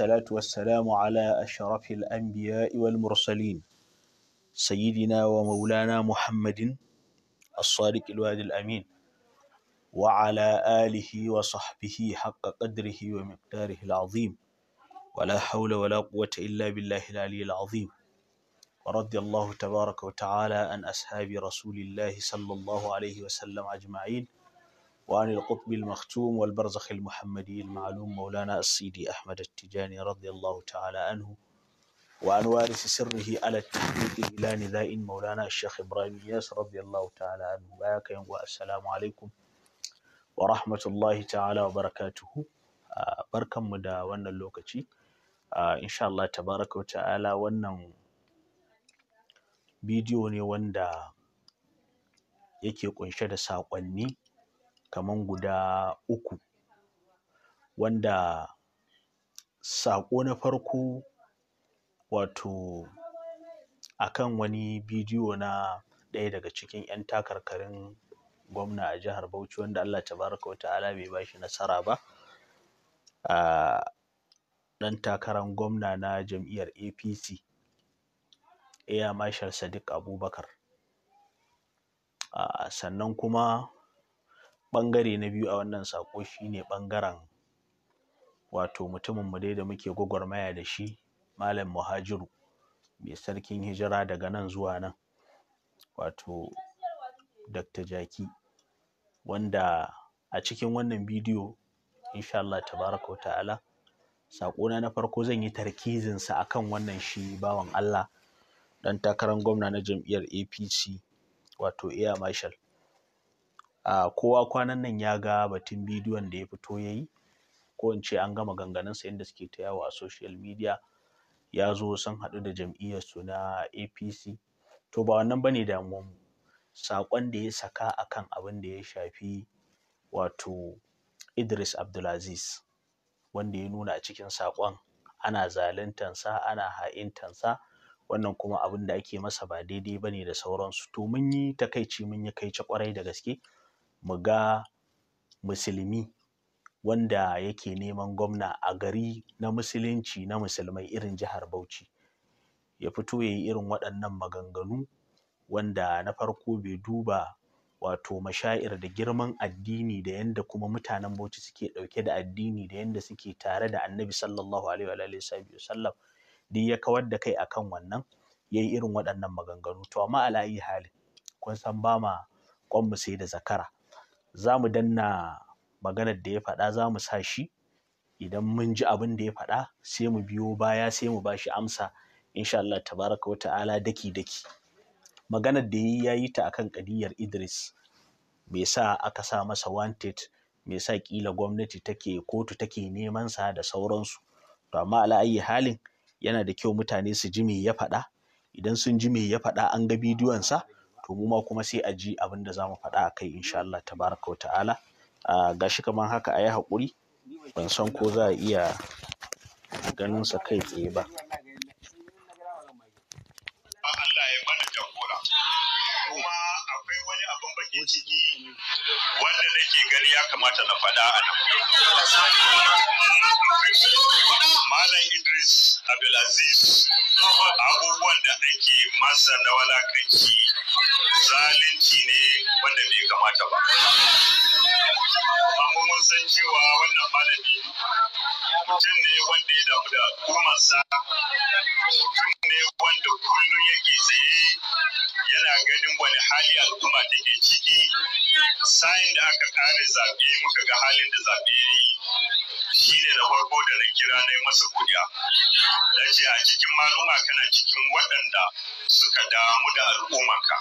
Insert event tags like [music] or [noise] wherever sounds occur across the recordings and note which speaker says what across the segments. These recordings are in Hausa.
Speaker 1: والصلاة والسلام على أشرف الأنبياء والمرسلين سيدنا ومولانا محمد الصادق الواد الأمين وعلى آله وصحبه حق قدره ومقداره العظيم ولا حول ولا قوة إلا بالله العلي العظيم ورضي الله تبارك وتعالى أن أصحاب رسول الله صلى الله عليه وسلم أجمعين وعن القطب المختوم والبرزخ المحمدي المعلوم مولانا السيدي أحمد التجاني رضي الله تعالى عنه وعن وارث سره على التحقيق إلى نداء مولانا الشيخ إبراهيم ياس رضي الله تعالى عنه باك والسلام عليكم ورحمة الله تعالى وبركاته بركة مدى وانا اللوكتي إن شاء الله تبارك وتعالى وانا bidiyo ne wanda yake kunshe da saƙonni kaman guda uku wanda saƙo na farko wato akan wani bidiyo na ɗaya daga cikin ƴan takarkarin gwamna a jihar Bauchi wanda Allah tabaraka wa ta'ala bai bashi nasara ba um ɗan takaran gwamna na jam'iyyar APC Air Marshal Sadiq Abubakar um sannan kuma ɓangare na biyu a wannan saƙo ne ɓangaren wato mutumin mu dai da muke gwagwarmaya da shi Malam Muhajiru mai sarkin hijira daga nan zuwa nan wato Dr. Jaki wanda a cikin wannan bidiyo insha Allah tabaraka wa ta'ala saƙona na farko zan yi tarkizinsa kan wannan shi bawan Allah ɗan takarar gwamna na jam'iyyar APC wato Air Marshal a kowa kwanan nan ya ga batun bidiyon da ya fito ya yi ko in ce an gama ganganansa inda suke ta yawo a social media ya zo sun haɗu da jam'iyyarsu na apc to ba wannan bane damuwan mu saƙon da ya saka a kan abin da ya shafi wato idris abdulaziz wanda ya nuna a cikin saƙon ana zaluntansa ana ha'intansa wannan kuma abin da ake masa ba daidai ba ne da sauransu to mun yi takaici mun yi kaici ƙwarai da gaske mu ga musulmi wanda yake neman gwamna a gari na musulunci na musulmai irin jihar Bauchi ya fito ya yi irin waɗannan maganganu wanda na farko bai duba wato masha'ir da girman addini da yanda kuma mutanen Bauchi suke ɗauke da addini da yanda suke tare da Annabi sallallahu alaihi wa alihi wasallam duk ya kawar da kai akan wannan ya yi irin waɗannan maganganu to amma ala ayi halin kun san ba ma ƙwanmu sai da zakara za mu danna maganar da ya faɗa za mu sa shi idan mun ji abin da ya faɗa sai mu biyo baya sai mu ba shi amsa insha Allah tabaraka wa ta'ala daki daki maganar da yi ya yi ta akan ƙadiyar Idris me sa aka sa masa wanted me sa ƙila gwamnati take kotu take neman sa da sauran su? to amma ala ayi halin yana da kyau mutane su ji me ya faɗa idan sun ji me ya faɗa an ga bidiyon sa to mu ma kuma sai a ji abin da za mu faɗa a kai insha Allah tabaraka wa ta'ala ga shi kamar haka a yi haƙuri ban san ko za a iya ganin sa kai tsaye ba
Speaker 2: gani ya kamata na faɗa a nan. Malam Idris Abdulaziz abubuwan da ake masa na walakanci zalunci ne wanda bai kamata ba. Amma mun san cewa wannan malami mutum ne wanda ya damu da al'ummarsa mutum ne wanda kullum yake tsaye yana ganin wani hali al'umma take ciki sayin da aka kare zaɓe muka ga halin da zaɓe ya yi shi ne na farko da na kira na masa kuɗiya na ce a cikin maluma kana cikin waɗanda suka damu da al'ummarka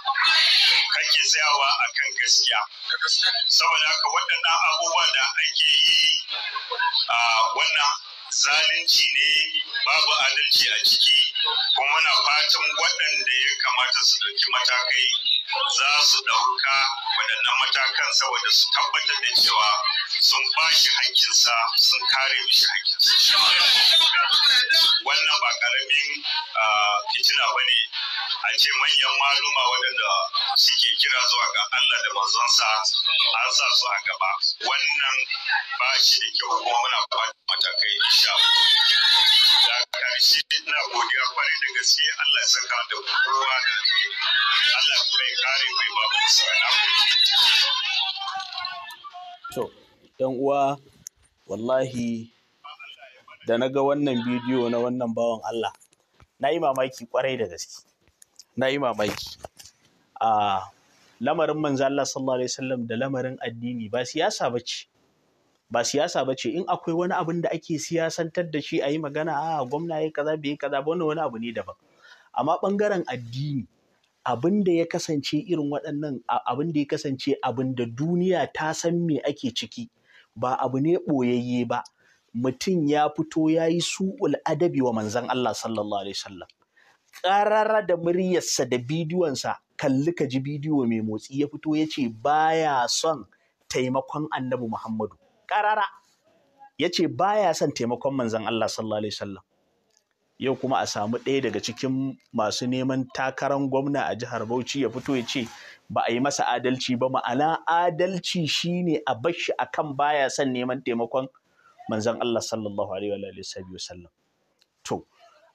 Speaker 2: kake tsayawa a kan gaskiya saboda haka waɗannan abubuwa da ake yi a wannan zalunci ne babu adalci a ciki kuma na fatan waɗanda ya kamata su ɗauki matakai za su ɗauka waɗannan matakan saboda su tabbatar da cewa sun ba shi haƙƙinsa sun kare mishi haƙƙinsa wannan ba ƙaramin fitina ba ne a ce manyan maluma waɗanda suke kira zuwa ga Allah da manzonsa an sa su a gaba wannan ba shi da kyau kuma muna ba matakai insha shi ina godiya kwarai da gaske Allah ya saka da kowa da Allah kuma ya kare mai babu
Speaker 1: To, Dan uwa, wallahi da na ga wannan bidiyo na wannan bawan Allah, na yi mamaki kwarai da gaske, na yi mamaki. A ah, lamarin manzo Allah sallallahu Alaihi wasallam da lamarin addini ba siyasa ba ce, ba siyasa ba ce in akwai wani abin da ake siyasantar da shi a yi magana a ah, gwamna ya kaza bai kaza ba wani abu ne daban amma bangaren addini abin da ya kasance irin waɗannan abin da ya kasance abin da duniya ta san me ake ciki ba abu ne ɓoyayye ba mutum ya fito ya yi su'ul adabi wa manzan Allah sallallahu alaihi wasallam ƙarara da muryarsa da bidiyonsa kalli ka ji bidiyo mai motsi ya fito ya ce baya son taimakon annabi Muhammadu karara ya ce ba ya son taimakon manzan Allah sallallahu alaihi wasallam yau kuma a samu ɗaya daga cikin masu neman takarar gwamna a jihar Bauchi ya fito ya ce ba a yi masa adalci ba ma'ana adalci shine a bashi akan baya son neman taimakon manzan Allah sallallahu alaihi wasallam to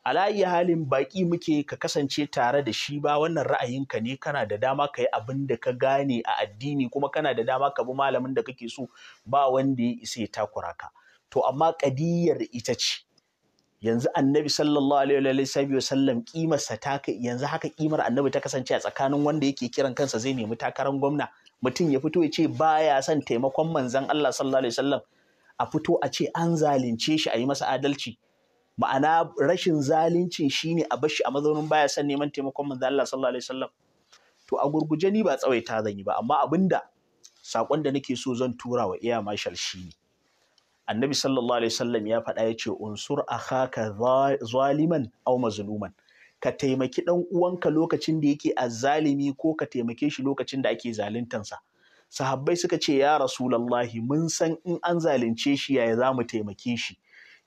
Speaker 1: ala iya halin baƙi muke ka kasance tare da shi ba wannan ra'ayinka ne kana da dama ka yi abin da ka gane a addini kuma kana da dama ka bi malamin da kake so ba wanda ya isa ya takura ka to amma ƙadiyar ita ce yanzu annabi sallallahu alaihi wa sallam sa ta yanzu haka kimar annabi ta kasance a tsakanin wanda yake kiran kansa zai nemi takarar gwamna mutum ya fito ya ce baya son taimakon manzon Allah sallallahu alaihi wasallam a fito a ce an zalunce shi a yi masa adalci ma'ana rashin zalincin shine a bashi a mazaunin baya san neman taimakon manzo Allah sallallahu alaihi wasallam to a gurguje ni ba tsawaita zan yi ba amma abinda sakon da nake so zan tura wa iya mashal shine annabi sallallahu alaihi wasallam ya faɗa yace unsur akhaka zaliman aw mazluman ka taimaki dan uwanka lokacin da yake azzalimi ko ka taimake shi lokacin da ake zaluntansa sahabbai suka ce ya rasulallahi mun san in an zalunce shi yaya za mu taimake shi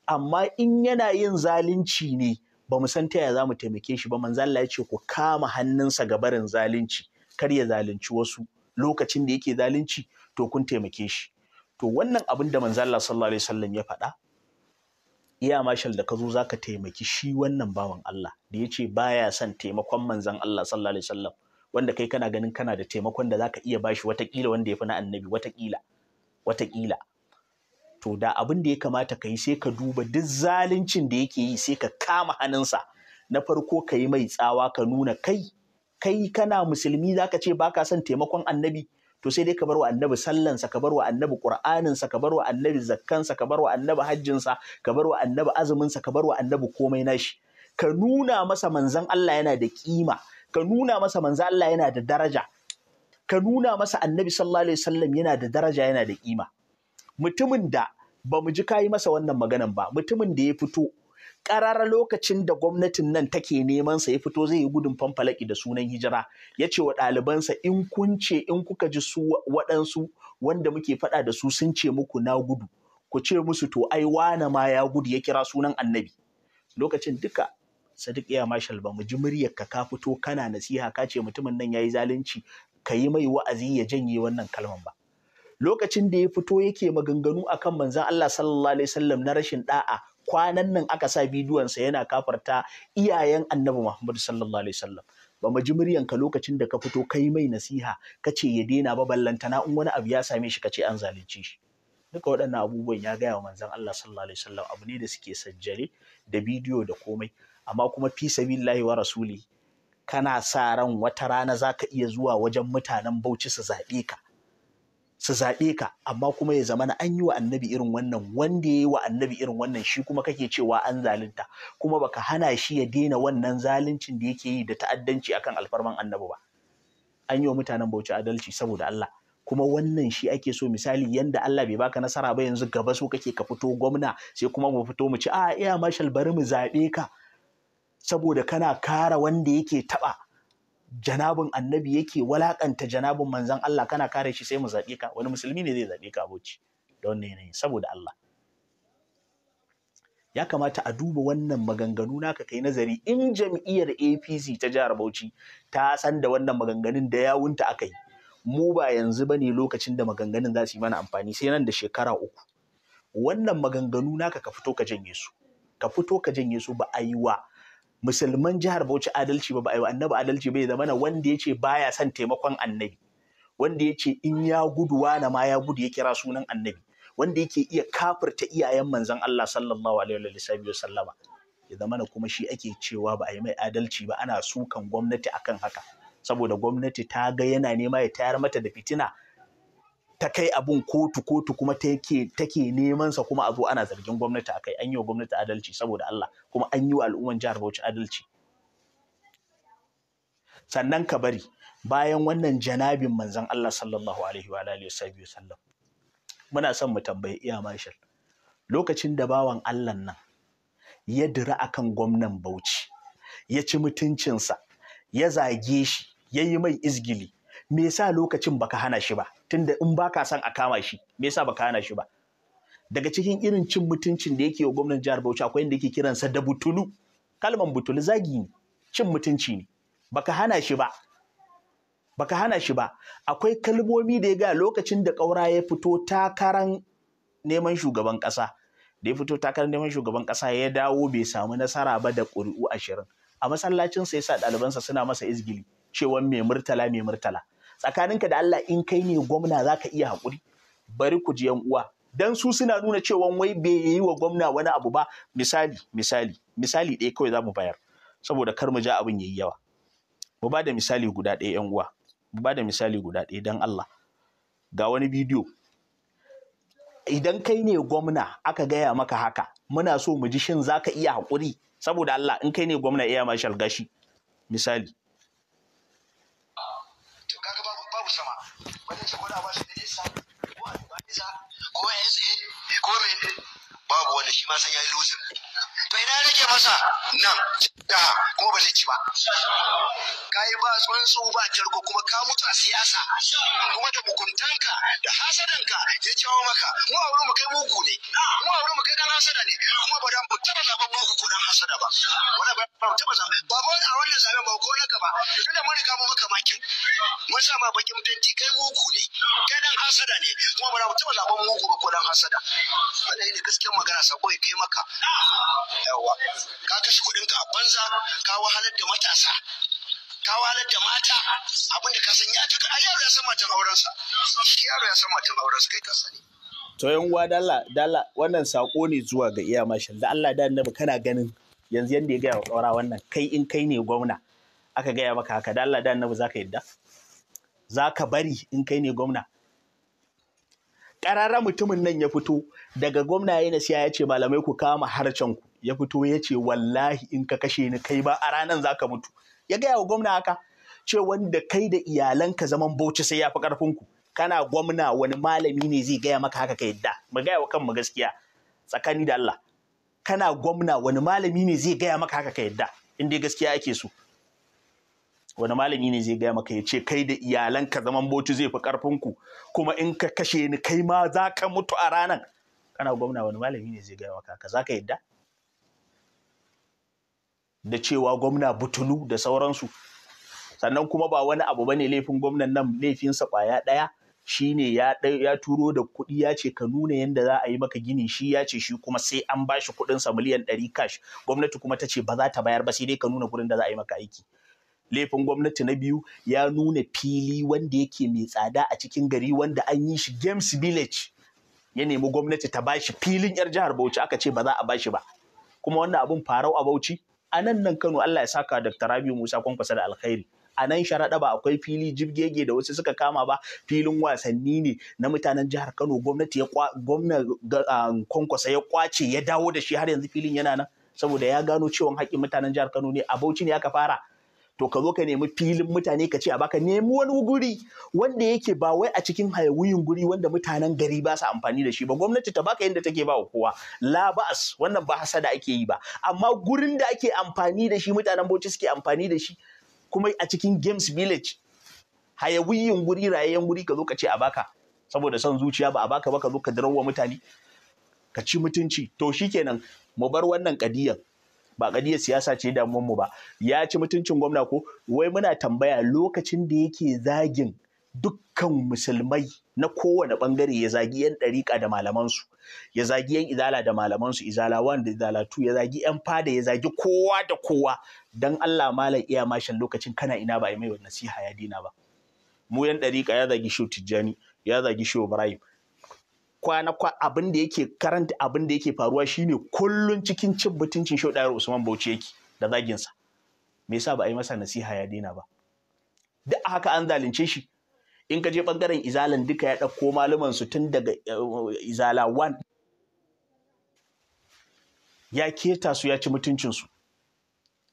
Speaker 1: amma in yana yin zalunci ne ba san ta yaya za mu taimake shi ba manzo ya ce ku kama hannunsa ga barin zalunci kar ya zalunci wasu lokacin da yake zalunci to kun taimake shi to wannan abin da manzo Allah sallallahu alaihi wasallam ya faɗa iya mashal da ka zo zaka taimaki shi wannan bawan Allah da yace baya son taimakon manzon Allah sallallahu alaihi wasallam wanda kai kana ganin kana da taimakon da zaka iya bashi watakila wanda ya fi na annabi watakila watakila to da abin da ya kamata ka yi sai ka duba duk zaluncin da yake yi sai ka kama hannunsa na farko ka yi mai tsawa ka nuna kai kai kana musulmi za ka ce ba ka son taimakon annabi to sai dai ka bar wa annabi sallansa ka bar wa annabi qur'aninsa ka bar wa annabi zakkansa ka bar wa annabi hajjinsa ka bar wa annabi azuminsa ka bar wa annabi komai nashi ka nuna masa manzon Allah yana da kima ka nuna masa manzon Allah yana da daraja ka nuna masa annabi sallallahu alaihi wasallam yana da daraja yana da kima mutumin da ba mu ji ka yi masa wannan maganan ba mutumin da ya fito ƙarara lokacin da gwamnatin nan take neman sa ya fito zai yi gudun fanfalaki da sunan hijira ya ce wa ɗalibansa in kun ce in kuka ji su waɗansu wanda muke faɗa da su sun ce muku na gudu ku ce musu to ai wane ma ya gudu ya kira sunan annabi lokacin duka sadiq ya mashal ba mu ji muryar ka ka fito kana nasiha ka ce mutumin nan ya yi zalunci ka yi mai wa'azi ya janye wannan kalman ba lokacin da ya fito yake maganganu a kan Manzan Allah sallallahu alaihi wasallam na rashin da'a kwanan nan aka sa bidiyonsa yana kafarta iyayen Annabi Muhammad sallallahu alaihi wasallam ba mu ji muryanka lokacin da ka fito kai mai nasiha ka ce ya daina ba ballantana in wani abu ya same shi ka ce an zalunce shi duka waɗannan abubuwan ya gaya wa Manzan Allah sallallahu alaihi wasallam abu ne da suke sajjare da bidiyo da komai amma kuma fi sabilillahi wa rasuli kana sa ran wata rana zaka iya zuwa wajen mutanen Bauchi su zaɓe ka su zaɓe ka amma kuma ya zamana an yi wa annabi irin wannan wanda ya yi wa annabi irin wannan shi kuma kake cewa an zalunta kuma baka hana shi ya daina wannan zaluncin da yake yi da ta'addanci akan alfarman annabi ba an yi wa mutanen bauchi adalci saboda Allah kuma wannan shi ake so misali yanda Allah bai baka nasara ba yanzu gaba so kake ka fito gwamna sai kuma mu fito mu ci a iya mashal bari mu zaɓe ka saboda kana kara wanda yake taɓa janabin annabi yake walakanta janabin manzan Allah kana kare shi sai mu zaɓe ka wani musulmi ne zai zaɓe ka aboci da wannan yanayin saboda Allah ya kamata a duba wannan maganganu naka kai nazari in jam'iyyar APC ta jihar Bauchi ta san da wannan maganganun da yawunta aka yi mu ba yanzu ba ne lokacin da maganganun za su yi mana amfani sai nan da shekara uku wannan maganganu naka ka fito ka janye su ka fito ka janye su ba a yi wa musulman jihar Bauchi adalci ba ba a yi annabi adalci bai na wanda ya ce baya son taimakon annabi wanda yace in ya gudu na ma ya gudu ya kira sunan annabi wanda yake iya kafirta iyayen manzon Allah sallallahu alaihi wa sallama ya zamana kuma shi ake cewa ba a yi mai adalci ba ana sukan gwamnati akan haka saboda gwamnati ta ga yana nema ya tayar mata da fitina ta kai abun kotu kotu kuma take neman sa kuma a zo ana zargin gwamnati akai an yi wa gwamnati adalci saboda Allah kuma an yi wa al'umman jihar Bauchi adalci sannan ka bari bayan wannan janabin manzon Allah sallallahu alaihi wa alihi wasallam muna son mu tambayi iya marshal lokacin da bawan Allah nan ya dira akan gwamnan Bauchi ya ci mutuncinsa ya zage shi ya yi mai izgili me yasa lokacin baka hana shi ba tunda in baka son a kama shi me yasa baka hana shi ba daga cikin irin cin mutuncin da yake wa gwamnan jihar Bauchi akwai inda yake kiransa da butulu kalman butulu zagi ne cin mutunci ne baka hana shi ba baka hana shi ba akwai kalmomi da ya ga lokacin da ƙaura ya fito takaran neman shugaban kasa da ya fito takarar neman shugaban ƙasa ya dawo bai samu nasara ba da ƙuri'u ashirin a masallacin sa yasa ɗalibansa suna masa izgili cewa mai murtala mai murtala tsakaninka da Allah in kai ne gwamna za ka iya haƙuri bari ku ji yan uwa dan su suna nuna cewa wai bai yi wa gwamna wani abu ba misali misali misali ɗaya kawai za mu bayar saboda kar mu ja abin yayi yawa mu ba da misali guda ɗaya yan uwa mu ba da misali guda ɗaya dan Allah ga wani bidiyo idan kai ne gwamna aka gaya maka haka muna so mu ji shin za ka iya haƙuri saboda Allah in kai ne gwamna iya mashal gashi misali
Speaker 3: wajen shi ko da ba shi minista ko ko sa ko mene babu wanda shi ma san yayi lusin to ina nake masa nan da kuma ba zai ci ba ka yi ba tsuntsu ba tarko kuma ka mutu a siyasa kuma da mukuntanka da hasadanka ya jawo maka mu a mu kai mugu ne mu a mu kai dan hasada ne kuma ba dan mu taba zaben mugu ko dan hasada ba wala ba mu taba zaben ba ba a wannan zaben ba ko na gaba tunda mun riga mu maka makin mun sa ma bakin tanti kai mugu ne kai dan hasada ne kuma ba mu taba zaben mugu ko dan hasada wallahi ne gaskiyar magana sako kai maka dawowa ka kashe kuɗinka a banza ka wahalar da matasa ka wahalar da mata abin da ka san ya tuka a yaro ya san matan aurensa shi yaro ya san matan aurensa kai ka sani
Speaker 1: to yan uwa dalla dalla wannan sako ne zuwa ga iya mashi da Allah da annabi kana ganin yanzu yanda ya gaya wa tsora wannan kai in kai ne gwamna aka gaya maka haka da Allah da annabi zaka yadda zaka bari in kai ne gwamna Ƙararren mutumin nan ya fito daga gwamna ya nasiya ya ce malamai ku kama harcen ku ya fito ya ce wallahi in ka kashe ni kai ba a ranar za ka mutu ya gaya wa gwamna haka ce wanda kai da iyalanka zaman bauchi sai ya fi ƙarfinku kana gwamna wani malami ne zai gaya maka haka ka yadda mu gaya wa kanmu gaskiya tsakani da Allah kana gwamna wani malami ne zai gaya maka haka ka yadda in dai gaskiya ake so wani malami ne zai gaya maka ya ce kai da iyalanka zaman bauchi zai fi ƙarfinku kuma in ka kashe ni kai ma za ka mutu a ranar kana gwamna wani malami ne zai gaya maka haka za ka yadda da cewa gwamna butulu da sauransu sannan kuma ba wani abu bane laifin gwamnan nan laifinsa kwaya ɗaya shine ya ya turo da kuɗi ya ce ka nuna yadda za a yi maka gini shi ya ce shi kuma sai an bashi shi kuɗin sa miliyan ɗari cash gwamnati kuma ta ce ba za ta bayar ba sai dai ka nuna gurin da za a yi maka aiki laifin gwamnati na biyu ya nuna fili wanda yake mai tsada a cikin gari wanda an yi shi games village ya nemi gwamnati ta bashi filin yar jihar bauchi aka ce ba za a bashi ba kuma wannan abun farau a bauchi a nan nan Kano Allah ya saka Dr. Rabiu Musa Kwankwasa da alkhairi a nan sharaɗa ba akwai fili jibgege da wasu suka kama ba filin wasanni ne na mutanen jihar Kano gwamnati ya gwamna ah, Kwankwasa ya kwace ya dawo da shi har yanzu filin yana nan saboda ya gano cewa haƙƙin mutanen jihar Kano ne a Bauchi ne aka fara to ka zo ka nemi filin mutane ka ce a baka nemi wani guri wanda yake ba wai a cikin hayawuyin guri wanda mutanen gari ba su amfani da shi ba gwamnati ta baka yadda take ba wa kowa la wannan ba da ake yi ba amma gurin da ake amfani da shi mutanen Bauchi suke amfani da shi kuma a cikin Games Village hayawiyin guri rayayyen guri ka zo ka ce a baka saboda son zuciya ba a baka ba ka zo ka dirawa mutane ka ci mutunci to shikenan mu bar wannan kadiyan ba ƙadiyar siyasa ce damuwar mu ba ya ci mutuncin gwamna ko wai muna tambaya lokacin da yake zagin dukkan musulmai na kowane bangare ya zagi yan ɗariƙa da malamansu ya zagi yan izala da malamansu izala wan da izala tu ya zagi yan fada ya zagi kowa da kowa dan Allah malam iya mashin lokacin kana ina ba a mai nasiha ya dina ba mu yan ɗariƙa ya zagi shehu tijjani ya zagi shehu ibrahim kwana kwa abin da yake karanta abin da yake faruwa shine kullun cikin cin butuncin shau ɗayar Usman Bauchi yake da zaginsa. Me yasa ba a yi masa nasiha ya daina ba? Duk haka an zalunce shi. In ka je ɓangaren izalan duka ya ɗauko malaman su tun daga eh, izala wan. Ya keta su ya ci mutuncinsu.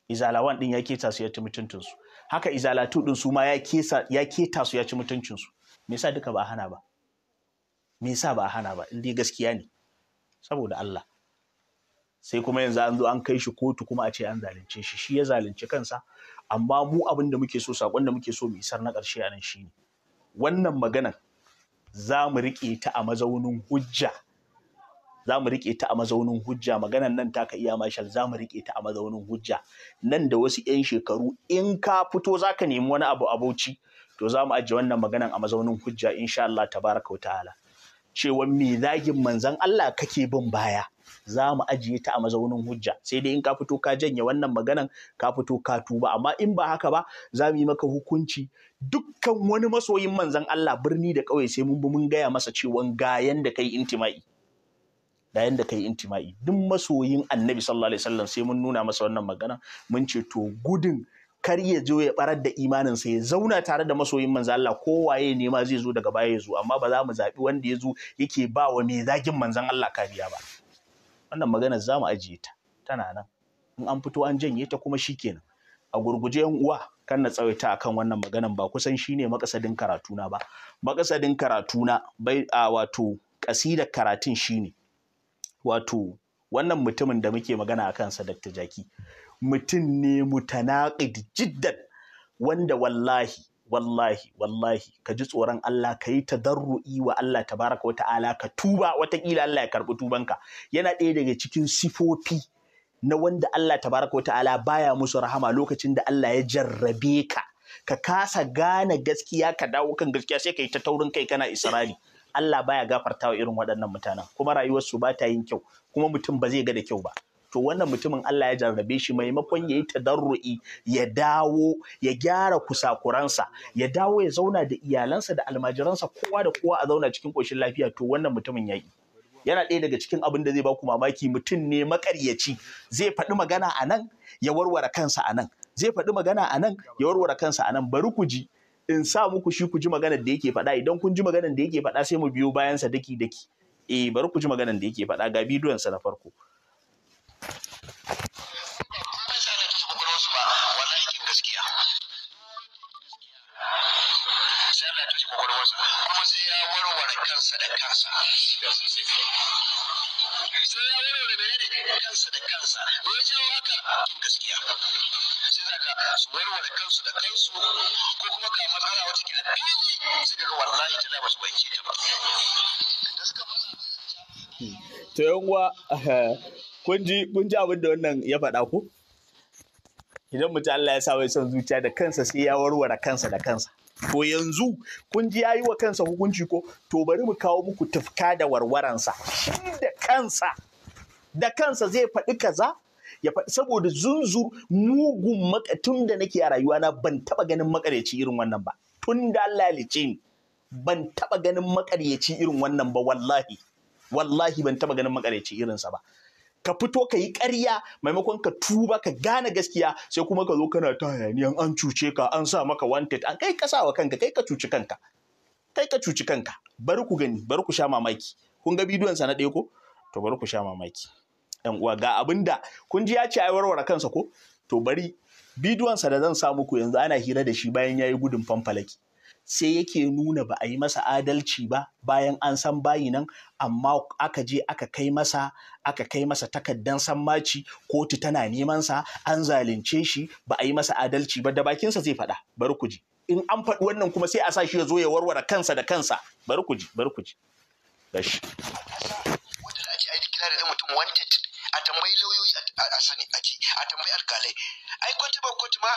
Speaker 1: Izala wan ɗin ya keta su ya ci su. Haka izala tu ɗin su ma ya keta su ya ci mutuncinsu. Me yasa duka ba a hana ba? me yasa ba a hana ba in dai gaskiya ne saboda Allah sai kuma yanzu an zo an kai shi kotu kuma a ce an zalunce shi shi ya zalunci kansa amma mu abin da muke so sakon da muke so mu isar na ƙarshe a nan shine wannan magana za mu riƙe ta a mazaunin hujja za mu riƙe ta a mazaunin hujja maganan nan taka iya mashal za mu riƙe ta a mazaunin hujja nan da wasu 'yan shekaru in ka fito za ka nemi wani abu a bauchi to za mu ajiye wannan maganan a mazaunin hujja insha Allah tabaraka wa ta'ala cewa mai zagin manzan Allah kake bin baya za mu ajiye ta a mazaunin hujja sai dai in ka fito ka janye wannan maganan ka fito ka tuba amma in ba haka ba za mu yi maka hukunci dukkan wani masoyin manzan Allah birni da ƙauye sai mun bi mun gaya masa cewa ga yanda kai intima'i da yanda kai intima'i duk masoyin annabi sallallahu alaihi wasallam sai mun nuna masa wannan magana mun ce to gudun kar ya zo ya barar da imanin sa ya zauna tare da masoyin manzo Allah waye ne ma zai zo daga baya ya zo amma ba za mu zabi wanda ya zo yake ba wa mai zagin manzon Allah kariya ba wannan magana za mu ajiye ta tana nan in an fito an janye ta kuma shikenan a gurguje yan uwa kan na tsawaita akan wannan maganan ba kusan shine makasadin karatuna ba makasadin karatuna bai a wato kasidar karatun shine wato wannan mutumin da muke magana akan sa Dr. Jaki mutum ne mutanaqid jiddan wanda wallahi wallahi wallahi ka ji tsoron Allah ka yi tadarru'i wa Allah tabaraka wa ta'ala ka tuba watakila Allah ya karɓi tubanka yana ɗaya daga cikin sifofi na wanda Allah tabaraka wa ta'ala baya musu rahama lokacin da Allah ya jarrabe ka ka kasa gane gaskiya ka dawo kan gaskiya sai ka yi ta taurin kai kana isra'ili Allah baya wa irin waɗannan mutanen kuma rayuwarsu ba ta yin kyau kuma mutum ba zai ga da kyau ba to wannan mutumin Allah ya jarrabe shi maimakon ya yi tadarru'i ya dawo ya gyara kusakuransa ya dawo ya zauna da iyalansa da almajiransa kowa da kowa a zauna cikin ƙoshin lafiya to wannan mutumin ya yi yana ɗaya daga cikin abin da zai ku mamaki mutum ne makaryaci zai faɗi magana a nan ya warware kansa a nan zai faɗi magana a nan ya warware kansa a nan bari ku ji in sa muku shi ku ji maganar da yake faɗa idan kun ji maganar da yake faɗa sai mu biyo bayansa daki daki eh bari ku ji maganar da yake faɗa ga bidiyon sa na farko kansa da ga
Speaker 2: matsala fili ba
Speaker 1: to yan uwa [laughs] kun ji kun abin da wannan ya faɗa ko idan mutum Allah ya sa wai son zuciya da kansa sai ya warware kansa da kansa to yanzu kun ji yayi wa kansa hukunci ko to bari mu kawo muku tufka da warwaransa da kansa da kansa zai faɗi kaza ya faɗi saboda zunzu mugun maka tun da nake a rayuwa na ban taba ganin makaryaci irin wannan ba tun da Allah lice ni ban taɓa ganin maƙaryaci irin wannan ba wallahi wallahi ban taba ganin makaryaci irinsa ba ka fito ka yi ƙarya maimakon ka tuba ka gane gaskiya sai kuma ka zo kana ta hayaniyan an cuce ka an sa maka wanted an kai ka sawa kanka kai ka cuci kanka kai ka cuci kanka bari ku gani bari ku sha mamaki kun ga bidiyon sa na ɗaya ko to bari ku sha mamaki ɗan uwa ga abinda kun ji ya ce ai warware kansa ko to bari bidiyon sa da zan sa muku yanzu ana hira da shi bayan ya yi gudun fanfalaki sai yake nuna ba a yi masa adalci ba bayan an san bayi nan amma aka je aka kai masa aka kai masa takaddan sammaci kotu tana neman sa an zalunce shi ba a yi masa adalci ba da bakinsa zai faɗa bari ku ji in an faɗi wannan kuma sai a sa shi ya zo ya warware kansa da kansa bari ku ji bari ku ji gashi wata da ake ai da mutum wanted a tambayi lauyoyi a sani a
Speaker 3: a tambayi alkalai ai kotu ba kotu ma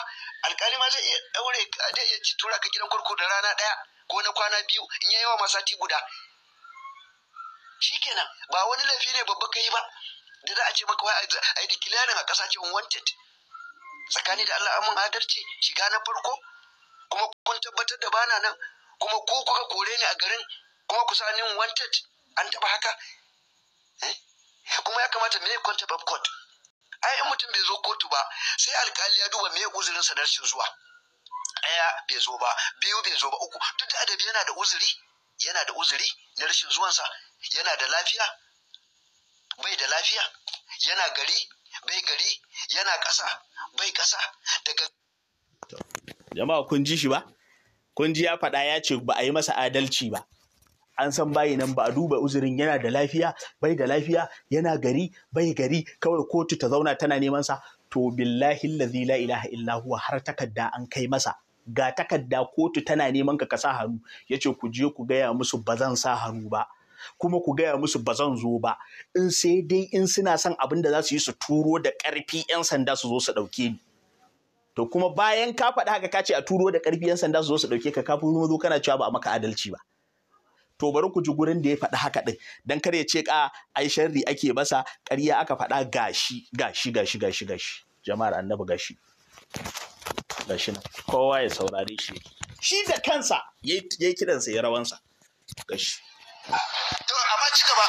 Speaker 3: alkali ma zai iya daure zai iya tura ka gidan kurkuku da rana ɗaya ko na kwana biyu in yi wa ma sati guda shikenan ba wani laifi ne babba ka yi ba da za a ce maka wai ai declaring a ƙasa ce wanted tsakani da Allah amin adalci shiga na farko kuma kun tabbatar da bana nan kuma ko kuka kore ni a garin kuma ku sa wanted an taba haka eh kuma ya kamata me kwanta bab court ai in mutum bai zo kotu ba sai alkali ya duba me uzurin sa na rashin zuwa ɗaya bai zo ba biyu bai zo ba uku duk da adabi yana da uzuri yana da uzuri na rashin zuwansa yana da lafiya bai da lafiya yana gari bai gari yana ƙasa bai ƙasa daga
Speaker 1: jama'a kun ji shi ba kun ji ya faɗa ya ce ba a yi masa adalci ba an san bayi nan ba a duba uzurin yana da lafiya bai da lafiya yana gari bai gari kawai kotu ta zauna tana neman sa to billahi allazi la ilaha illa huwa har takarda an kai masa ga takarda kotu tana neman ka ka sa hannu yace ku je ku gaya musu ba zan sa hannu ba kuma ku gaya musu ba zan zo ba in sai dai in suna son abin da za su yi su turo da ƙarfi 'yan sanda su zo su ɗauke ni to kuma bayan ka faɗi haka ka ce a turo da ƙarfi 'yan sanda su zo su ɗauke ka kafin zo kana cewa ba a maka adalci ba to bari ku ji gurin da ya faɗi haka ɗin dan kar ya ce ka ai sharri ake basa ƙarya aka faɗa gashi gashi gashi gashi gashi jama'ar annabi gashi gashi na kowa ya saurare shi shi da kansa yayi kidansa ya rawansa gashi to
Speaker 3: amma cika ba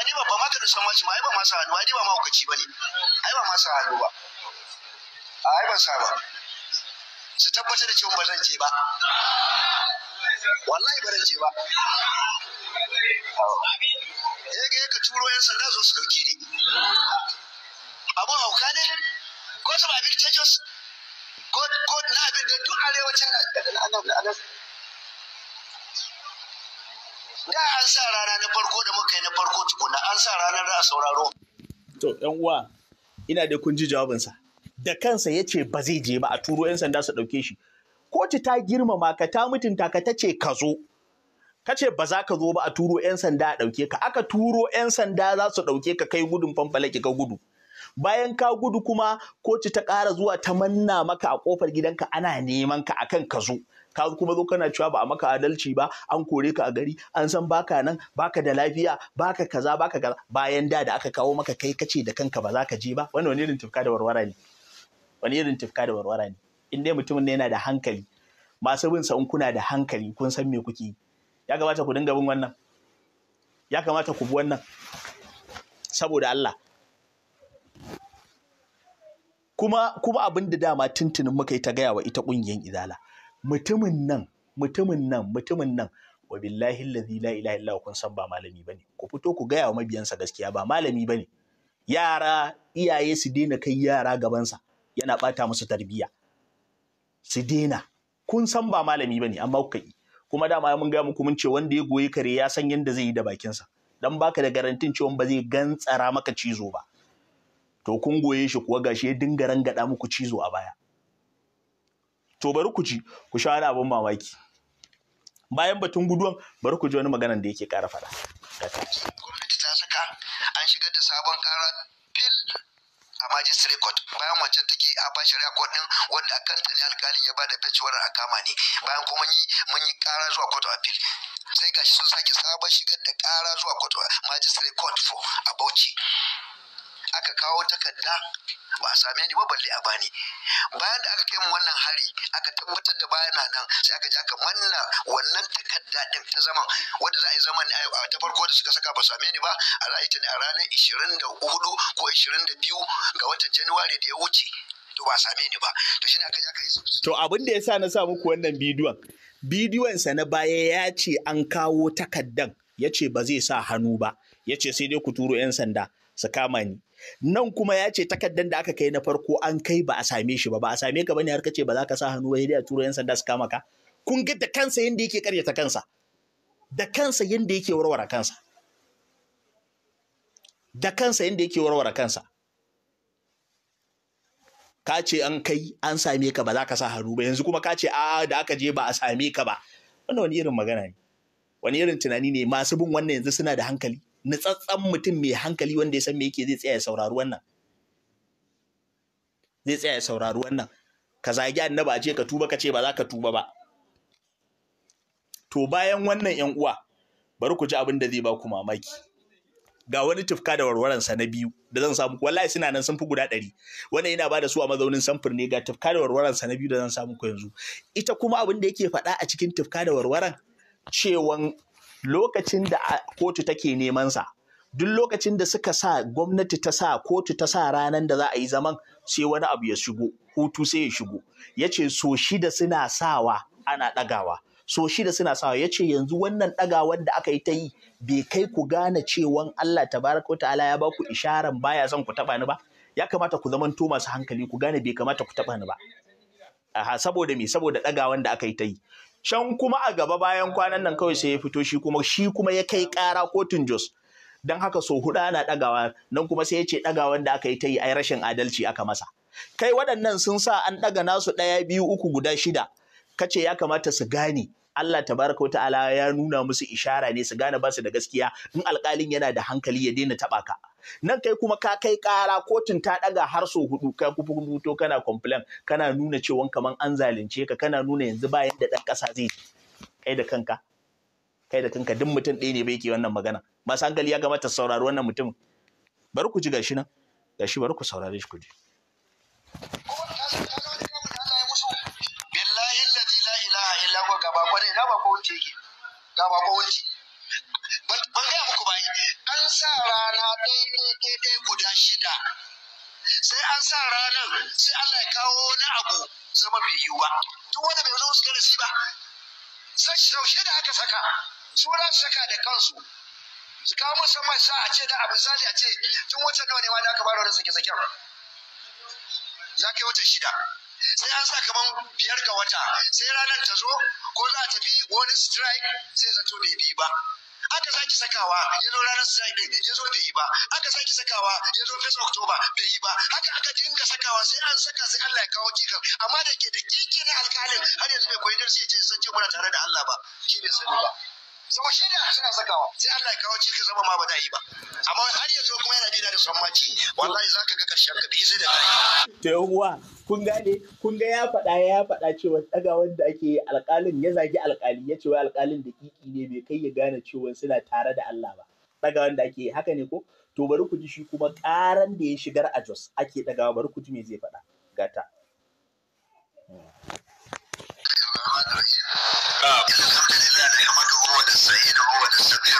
Speaker 3: ani ba ba maka da san wace ma ai ba ma sa hannu ai ba ma hukaci bane ai ba ma sa hannu ba ai ban sa ba su tabbatar da cewa ba zan je ba wallahi ba je ba ya ga ka turo yan sanda zo su dauke ni abun hauka ne ko su ba big churches ko na abin da duk arewacin da an sa rana na farko da muka yi na farko
Speaker 1: tukuna an sa ranar da a sauraro to yan uwa ina da kun ji jawabinsa da kansa ya ce ba zai je ba a turo 'yan sanda su ɗauke shi kotu ta girmama ka ta mutunta ka ta ce ka zo ka ce ba za ka zo ba a turo 'yan sanda a ɗauke ka aka turo 'yan sanda za su ɗauke ka kai gudun fanfalaki ka gudu bayan ka gudu kuma kotu ta ƙara zuwa ta manna maka a ƙofar gidanka ana neman ka akan ka zo ka kuma zo kana cewa ba a maka adalci ba an kore ka a gari an san baka nan baka da lafiya baka kaza baka kaza bayan da da aka kawo maka kai kace da kanka ba za ka je ba wani irin da warwara ne wani irin tufka da warwara ne in dai mutumin ne yana da hankali masu bin sa kuna da hankali kun san me kuke ya kamata ku dinga bin wannan ya kamata ku bi wannan saboda Allah kuma kuma abin da dama tuntunin muka yi ta gaya wa ita kungiyar izala mutumin nan mutumin nan mutumin nan wa billahi allazi la ilaha illa kun san ba malami bane ku fito ku gaya wa mabiyansa gaskiya ba malami bane yara iyaye su daina kai yara gabansa yana bata musu tarbiyya su dena kun san ba malami bane amma kuka yi kuma dama mun ga muku mun ce wanda ya goyi kare ya san yanda zai yi da bakinsa dan baka da garantin cewa ba zai gantsara maka cizo ba to kun goye shi kuwa gashi ya dinga rangada muku cizo a baya to bari ku ji ku sha wani abin mamaki bayan batun guduwan bari ku ji wani maganan da yake ƙara faɗa gwamnati ta saka an shigar da sabon ƙara
Speaker 3: a magistrate court bayan wancan take a shari'a record din wanda a kanta ne alkalin ya bada fecewar a kama ne bayan kuma mun yi kara zuwa court a appeal sai gashi sun sake sabon shigar da kara zuwa court magistrate court for a Bauchi aka kawo takarda ba a same ni ba balle a bani bayan da aka kai mu wannan hari aka tabbatar da bayana nan sai aka ja, aka manna wannan takarda din ta zaman wanda za a yi zaman a ta farko da suka saka ba same ni ba a ra'ayi ta ne a ranar ishirin da hudu ko ishirin da biyu ga watan Januwari da ya wuce to ba same ni ba to ne aka ji aka
Speaker 1: yi to abin da sa na sa muku wannan bidiyon bidiyon sa na baya ya ce an kawo takardan ya ce ba zai sa hannu ba ya ce sai dai ku turo 'yan sanda su kama ni nan kuma ya ce takaddan da aka kai na farko an kai ba a same shi ba ba a same ka bane har kace ba za ka sa hannu ba sai a turo yan sanda su kama ka kun ga da kansa yanda yake karyata kansa da kansa yanda yake warware kansa da kansa yanda yake warware kansa ka ce an kai an same ka ba za ka sa hannu ba yanzu kuma ka ce a da aka je ba a same ka ba wannan wani irin magana ne wani irin tunani ne masu bin wannan yanzu suna da hankali nutsatsan mutum mai hankali wanda ya san me yake zai tsaya ya saurari wannan zai tsaya ya saurari wannan ka zagi annabi a ce ka tuba ka ce ba za ka tuba ba to bayan wannan yan uwa bari ku ji abin da zai ba ku mamaki ga wani tufka da sa na biyu da zan samu wallahi suna nan sun fi guda ɗari wannan yana ba da su a mazaunin samfur ne ga tufka da sa na biyu da zan samu ku yanzu ita kuma abin da yake faɗa a cikin tufka da warwaran cewan lokacin da kotu take neman sa duk lokacin da suka sa gwamnati ta sa kotu ta sa ranar da za a yi zaman sai wani abu ya shigo hutu sai ya shigo ya ce so shida suna sawa ana ɗagawa so shida suna sawa ya ce yanzu wannan ɗagawar da aka yi ta yi bai kai ku gane cewan Allah tabaraka wa ta'ala ya ba ku isharan baya zan ku taɓa ni ba ya kamata ku zamanto masu hankali ku gane bai kamata ku taɓa ni ba saboda me saboda ɗagawan da aka yi ta yi can kuma a gaba bayan kwanan nan kawai sai ya fito shi kuma shi kuma ya kai kara kotun jos don haka so hudu ana ɗagawa nan kuma sai ya ce ɗagawan da aka yi ta yi ai rashin adalci aka masa kai waɗannan sun sa an ɗaga nasu ɗaya biyu uku guda shida kace ya kamata su gane Allah tabaraka wa ta'ala ya nuna musu ishara ne su gane ba su da gaskiya in alƙalin yana da hankali ya daina taɓa ka. nan kai kuma ka kai ƙara kotun ta ɗaga har so hudu ka fito kana complain kana nuna cewa kaman an zalunce ka kana nuna yanzu bayan da ɗan ƙasa zai kai da kanka kai da kanka duk mutum ɗaya ne bai ke wannan magana masu hankali ya gamata saurari wannan mutum bari ku ji gashi nan gashi bari ku saurare shi ku ji
Speaker 3: gaba ko ne gaba ko wuce yake gaba ko wuce ban gaya muku bayi an sa rana ɗaya guda shida sai an sa ranar sai Allah ya kawo wani abu zama bai yiwu ba duk wanda bai zo su musu darasi ba sai saushe da aka saka su za su saka da kansu su kawo musu mai sa a ce da abu misali a ce tun watan nawa ne ma da aka bada wani sake-saken ya kai wata shida sai an sa kamar biyar ga wata sai ranar ta zo ko za a tafi wani strike sai zato bai bi ba aka sake sakawa ya zo ranar Friday ya zo bai yi ba aka sake sakawa ya zo fes October bai yi ba haka aka dinga sakawa sai an saka sai Allah ya kawo kikan amma da ke da kike na alƙalin har yanzu bai koyi darsi ya ce san ce muna tare da Allah ba shi bai sani ba sau shida suna sakawa sai Allah ya kawo cikin zama ma ba da yi ba amma har yanzu kuma yana dina da sammaci wallahi za ka ga karshen
Speaker 2: ka sai da
Speaker 1: Ta to uwa kun gane kun ga ya faɗa ya faɗa cewa daga wanda ake alƙalin ya zagi alƙali ya ce wai alƙalin da kiki ne bai kai ya gane cewa suna tare da Allah ba daga wanda ake haka ne ko to bari ku ji shi kuma ƙaran da ya shigar a Jos ake daga bari ku ji me zai faɗa gata.
Speaker 2: الحمد لله نحمده هو السعيد وهو الصغير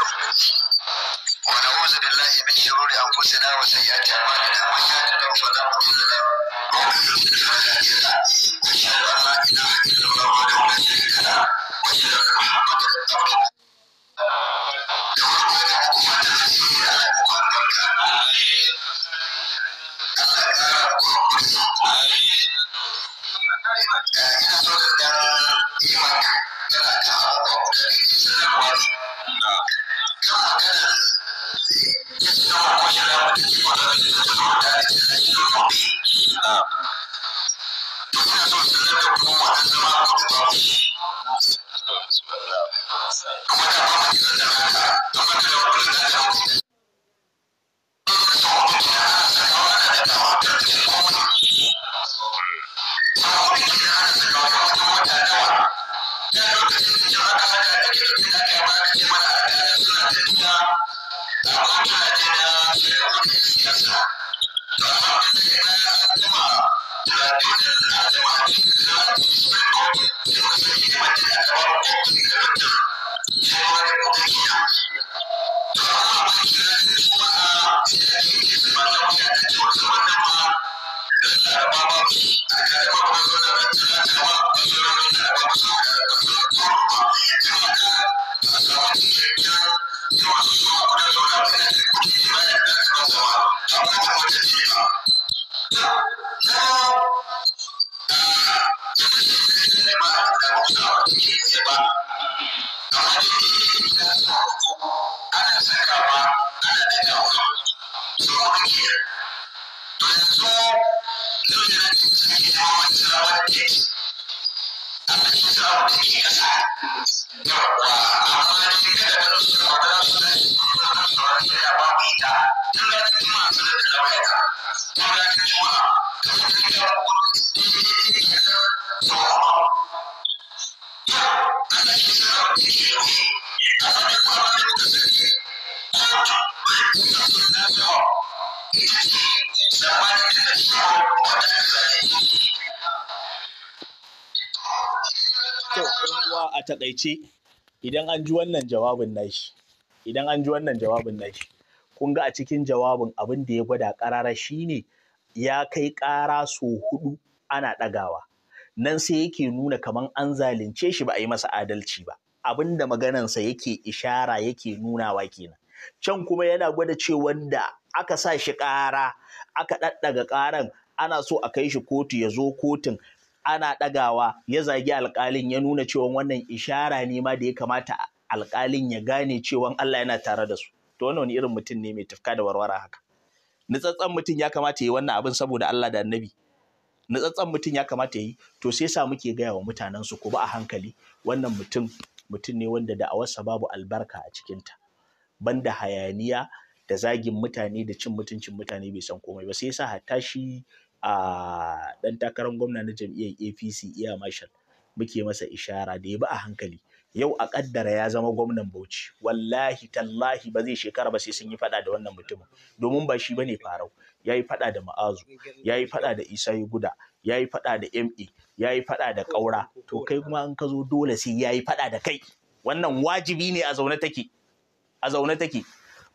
Speaker 2: ونعوذ بالله من شرور انفسنا وسيئات اعمالنا من يهد الله فلا مضل له ومن يضلل فلا هادي له اشهد ان لا اله الا الله وحده لا شريك له واشهد ان محمدا عبده Thank you. tana ta haɓa da kake sanarwa ne ta magana ya ce na mako ya na mutu ce maka da ta zama ta na kuma wata zama kuma kuma da ba da haka don haka da da ta
Speaker 1: uwa a takaice idan an ji wannan jawabin nashi idan an ji wannan jawabin nashi kun ga a cikin jawabin abin da ya gwada shi shine ya kai ƙara so hudu ana ɗagawa nan sai yake nuna kamar an zalunce shi ba a yi masa adalci ba abin da maganansa yake ishara yake nunawa kenan can kuma yana gwada ce wanda aka sa shi ƙara aka ɗaɗɗaga ƙaran ana so a kai shi kotu ya zo kotun ana ɗagawa ya zagi alƙalin ya nuna cewa wannan ishara ne ma da ya kamata alƙalin ya gane cewa Allah yana tare da su to wannan irin mutum ne mai tafka da warwara haka nutsatsan mutum ya kamata ya yi wannan abin saboda Allah da annabi nutsatsan mutum ya kamata ya yi to sai sa muke gaya wa mutanen su ko ba a hankali wannan mutum mutum ne wanda da'awarsa babu albarka a cikinta banda hayaniya da zagin mutane da cin mutuncin mutane bai san komai ba sai sa hatta shi a ɗan takarar gwamna na jam'iyyar apc iya marshal muke masa ishara da ya bi a hankali yau a ƙaddara ya zama gwamnan bauchi wallahi tallahi ba zai shekara ba sai sun yi faɗa da wannan mutumin domin ba shi bane farau yayi yi fada da ma'azu yayi yi fada da isa guda ya yi fada da ma yayi yi fada da kaura to kai kuma in ka zo dole sai yayi yi fada da kai wannan wajibi ne a zaune take a zaune take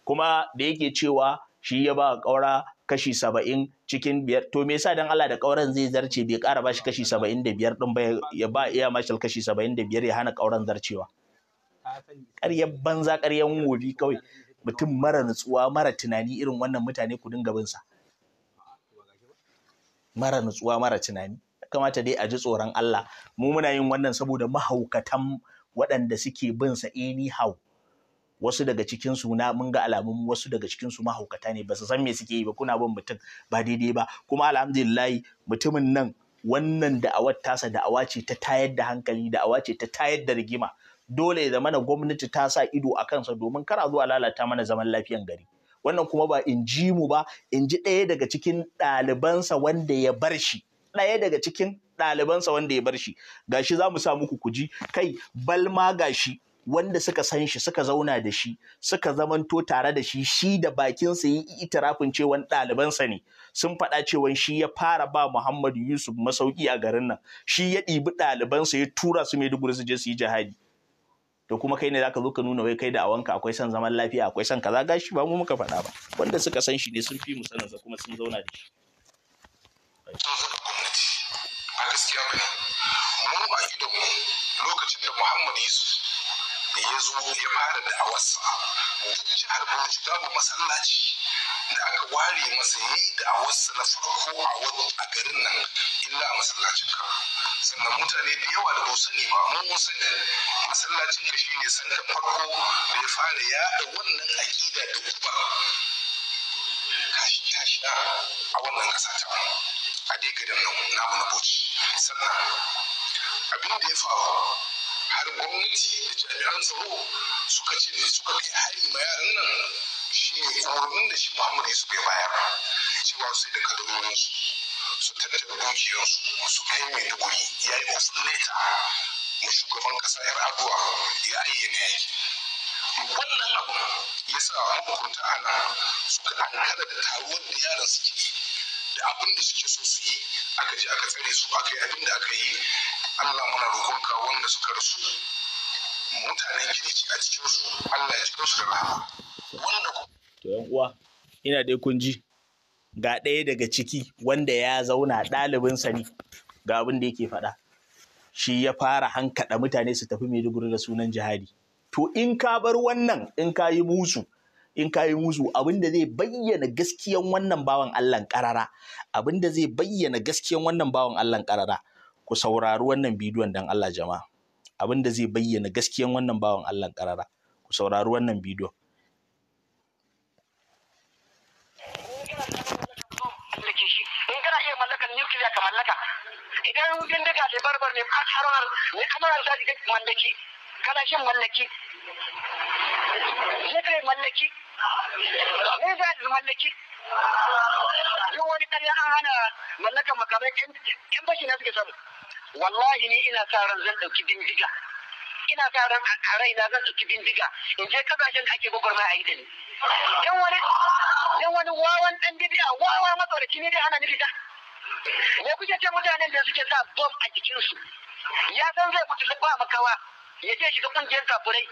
Speaker 1: kuma da yake cewa shi ya ba ƙaura kashi saba'in cikin biyar to me yasa dan Allah da kauran zai zarce bai kara ba shi kashi saba'in da biyar ɗin ba ya ba iya mashal kashi saba'in da biyar ya hana kauran zarcewa ƙaryar banza ƙaryar wobi kawai mutum mara nutsuwa mara tunani irin wannan mutane ku dinga bin sa mara nutsuwa mara tunani kamata dai a ji tsoron Allah mu muna yin wannan saboda mahaukatan waɗanda suke bin sa eh, hau. wasu daga cikin su na mun ga alamun wasu daga cikin su mahaukata ne ba su san me suke yi ba kuna bin mutum ba daidai ba kuma alhamdulillah mutumin nan wannan da'awar tasa da'awa ce ta tayar da hankali da'awa ce ta tayar da rigima dole ya zamana gwamnati ta sa ido a kansa domin kar a zuwa lalata mana zaman lafiyan gari wannan kuma ba in ji mu ba in ji ɗaya daga cikin ɗalibansa wanda ya bar shi ɗaya daga cikin ɗalibansa wanda ya bar shi gashi za mu sa muku kuji kai balma gashi wanda suka san shi suka zauna da shi suka zamanto tare da shi shi da bakin sa yi itirafin cewan ɗalibansa ne sun faɗa cewan shi ya fara ba Muhammadu Yusuf masauki a garin nan shi ya ɗibi ɗalibansa ya tura su Maiduguri su je su yi jihadi to kuma kai ne zaka zo ka nuna wai kai da awanka akwai son zaman lafiya akwai son kaza gashi ba mu muka faɗa ba wanda suka san shi ne sun fi mu kuma sun zauna da shi gaskiya mu
Speaker 2: a lokacin da Muhammad Yusuf ya zo ya fara da awarsa duk jihar bauchi babu masallaci da aka ware masa yi da awarsa na farko a a garin nan illa a masallacin ka sannan mutane da yawa da su ne ba mun sani masallacin ka shine sanda farko da ya fara yaɗa wannan aƙida da kuma kashi kashi na a wannan kasa ta a dai garin namu na bauchi sannan abin da ya faru har gwamnati da jami'an tsaro suka ce suka kai hari ma yaran nan shi ne tsaurin da shi muhammad yusuf ya bayar cewa sai da kadarorin su tattara dukiyar su kai mai duguri ya yi ofin leta mu shugaban kasa yar abuwa ya ayyana yaki wannan abu ya sa mahukunta ana suka ankara da taruwar da yaran suke da abin da suke so su yi aka je aka tsare su aka yi abin da aka yi Allah muna roƙonka wanda suka rasu mutanen kirki a cikin su Allah ya cikin su da rahama wanda ku
Speaker 1: to yan uwa ina dai kun ji ga ɗaya daga ciki wanda ya zauna ɗalibinsa ne ga abin da yake faɗa shi ya fara hankaɗa mutane su tafi Maiduguri da sunan jihadi to in ka bar wannan in ka yi musu in ka yi musu abin da zai bayyana gaskiyan wannan bawan Allah karara abin da zai bayyana gaskiyan wannan bawan Allah karara ku saurari wannan bidiyon dan Allah jama'a abin da zai bayyana gaskiyan wannan bawan Allah karara ku saurari wannan bidiyon
Speaker 4: nukiliya ka mallaka idan wujen daga da barbar ne a harar ne amaran ta jikin mallaki kana shin mallaki ne kai mallaki ne za mallaki duk wani karya an hana mallakan makamai ƴan bashi na suke samu wallahi ni ina sa ran zan ɗauki bindiga ina sa ran a raina zan ɗauki bindiga in je kasashen da ake gwagwarmaya a yi da ni dan wani dan wani wawan dan bibiya wawa matsoraci ne dai hana ni fita me kuke ce mutanen da suke sa bom a jikinsu ya san zai mutu ba makawa ya je shiga kungiyar kafurai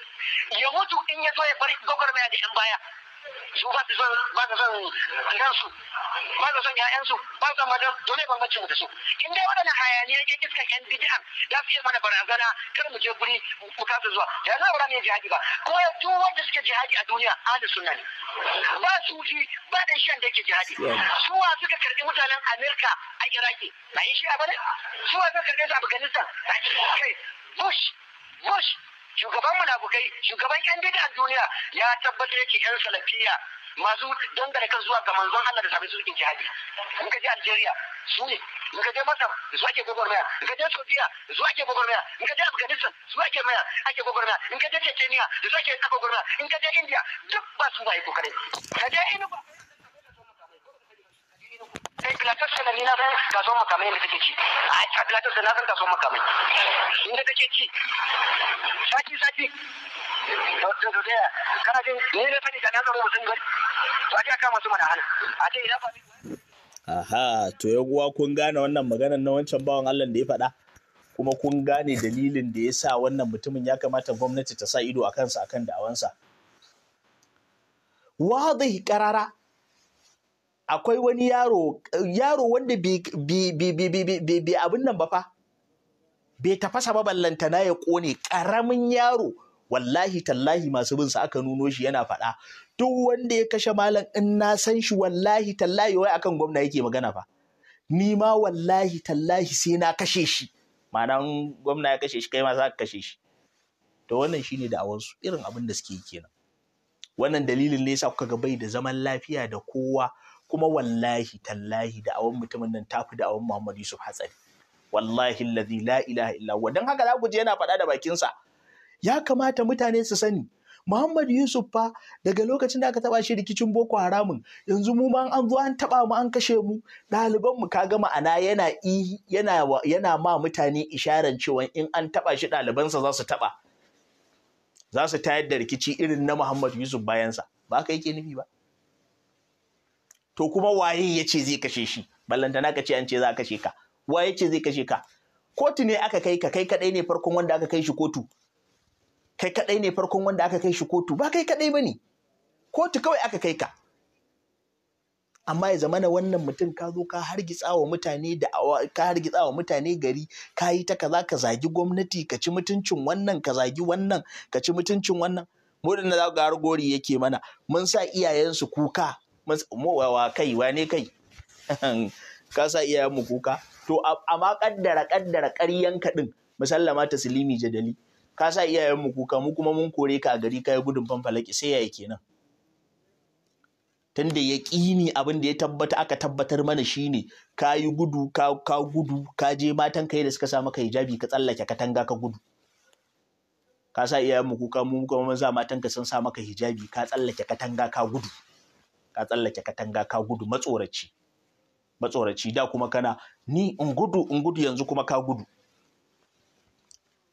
Speaker 4: ya mutu in ya zo ya bar gwagwarmaya da ƴan baya su ba su son ba su son ransu ba su son ƴaƴansu ba su son madan dole bambancin da su in dai waɗannan hayaniya ƴan iska ƴan bid'an za su iya mana barazana kar mu je guri mu kasa zuwa ya yanzu ba ne jihadi ba kuma duk wanda suke jihadi a duniya ahlus sunna ne ba sufi ba dan shan da yake jihadi Su suwa suka karɓi mutanen Amerika a Iraki ba yi shi ba ne suwa suka karɓi su Afghanistan kai Bush Bush shugaban munafukai shugaban yan a duniya ya tabbatar yake yan salafiya masu dangane kan zuwa ga manzon Allah da sabbin sulkin jihadi in ka je Algeria su ne in ka je Masar su ake gwagwarmaya in ka je Sofiya su ake gwagwarmaya in ka je Afghanistan su ake maya ake gwagwarmaya in ka je Chechnya su ake gwagwarmaya in ka je India duk ba su ba yi kokare ka je Enugu filatus na ni na san kasuwar makamai yadda take ci a filatus zan na san kasuwar makamai inda take ci Saki, sati da da da kana jin ni ne fadi kana zaro mutum gari to a aka masu mana hana a ce ina fa
Speaker 2: Aha,
Speaker 1: to ya guwa kun gane wannan maganar na wancan bawan Allah da ya faɗa? kuma kun gane dalilin da ya sa wannan mutumin ya kamata gwamnati ta sa ido a kansa akan da'awansa. Wadai karara akwai wani yaro yaro wanda bi abin nan ba fa bai tafasa ba ballantana ya kone karamin yaro wallahi tallahi masu bin sa aka nuno shi yana faɗa duk wanda ya kashe malam in na san shi wallahi tallahi wai akan gwamna yake magana fa ni ma wallahi tallahi sai na kashe shi ma'ana gwamna ya kashe shi kai ma za ka kashe shi to wannan shine da awansu irin abin da suke kenan wannan dalilin ne yasa kuka ga bai da zaman lafiya da kowa kuma wallahi tallahi da awon mutumin nan tafi da awon Muhammad Yusuf Hatsari wallahi allazi la ilaha illa wa dan haka za ku je yana faɗa da bakin sa ya kamata mutane su sani Muhammad Yusuf fa daga lokacin da aka taba shi rikicin Boko Haramun yanzu mu ma an zo an taba mu an kashe mu ɗaliban mu ka gama ma'ana yana yana yana ma mutane isharar cewa in an taba shi ɗalibansa za su taba za su tayar da rikici irin na Muhammad Yusuf bayansa ba ka yake nufi ba to kuma waye ya ce zai kashe shi ballantana ka ce an ce za a kashe ka waye ce zai kashe ka kotu ne aka kai ka kai kadai ne farkon wanda aka kai shi kotu kai kadai ne farkon wanda aka kai shi kotu ba kai kadai bane kotu kawai aka kai ka amma ya zamana wannan mutum ka zo ka hargitsa wa mutane da ka hargitsa wa mutane gari ka yi ta kaza ka zagi gwamnati ka ci mutuncin wannan ka zagi wannan ka ci mutuncin wannan mu da za gari gori yake mana mun sa iyayensu kuka wa kai ne kai [laughs] ka sa iyayen mu kuka to amma kaddara kaddara ƙaryan kaɗin musallama taslimi jadali ka sa iyayen mu kuka mu kuma mun kore ka a gari kai gudun fanfalaki sai yaya kenan tunda ya ƙini abin da ya tabbata aka tabbatar mana shine ka yi gudu ka gudu ka je matan kai da suka sa maka hijabi ka tsallake katanga ka gudu ka sa iyayen mu kuka mu kuma mun sa matan ka sun sa maka hijabi ka tsallake katanga ka gudu ka tsallake katanga ka gudu matsoraci matsoraci da kuma kana ni in gudu in gudu yanzu kuma ka gudu